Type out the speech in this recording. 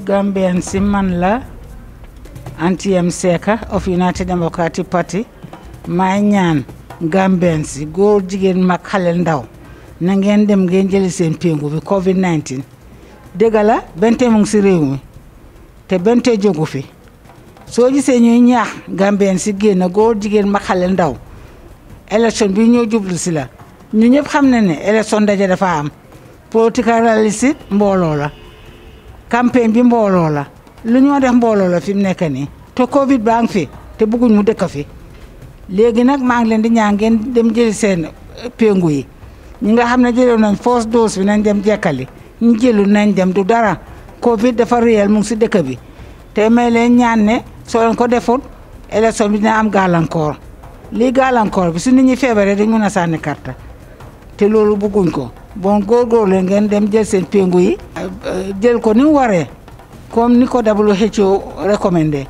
Gambian si man la Antiem Seka of United Democratic Party maay ñaan Gambian góor jigéen mag xale ndaw na ngeen dem ngeen jëli seen péngu bi Covid 19 dégg la bente si réew mi te bente jógu fi soo gisee ñuy ñaax Gambian si génn góor jigéen mag xale ndaw élection bi ñoo jublu si la ñu ñëpp xam ne ne élection daje dafa am political rally si mbooloo la. campagne bi mbooloo la lu ñoo def mbooloo la fi mu nekk nii te Covid baa ngi fi te bëgguñ mu dëkk fi léegi nag maa ngi leen di ñaa ngeen dem jëli seen eh, péngu yi ñi nga xam ne jëloon nañ fausse dose bi nañ dem jekkali ñu jëlul nañ dem du dara Covid dafa réel mu si dëkk bi te may leen ñaan ne soo leen ko deful élection bi dina am gàllankoor lii gàllankoor bi su nit ñi feebaree dañ mën a sànni karta te loolu bëgguñ ko bon góorgóor leen ngeen dem jël seen péngu yi jël ko ni mu waree comme ni ko WHO recommandé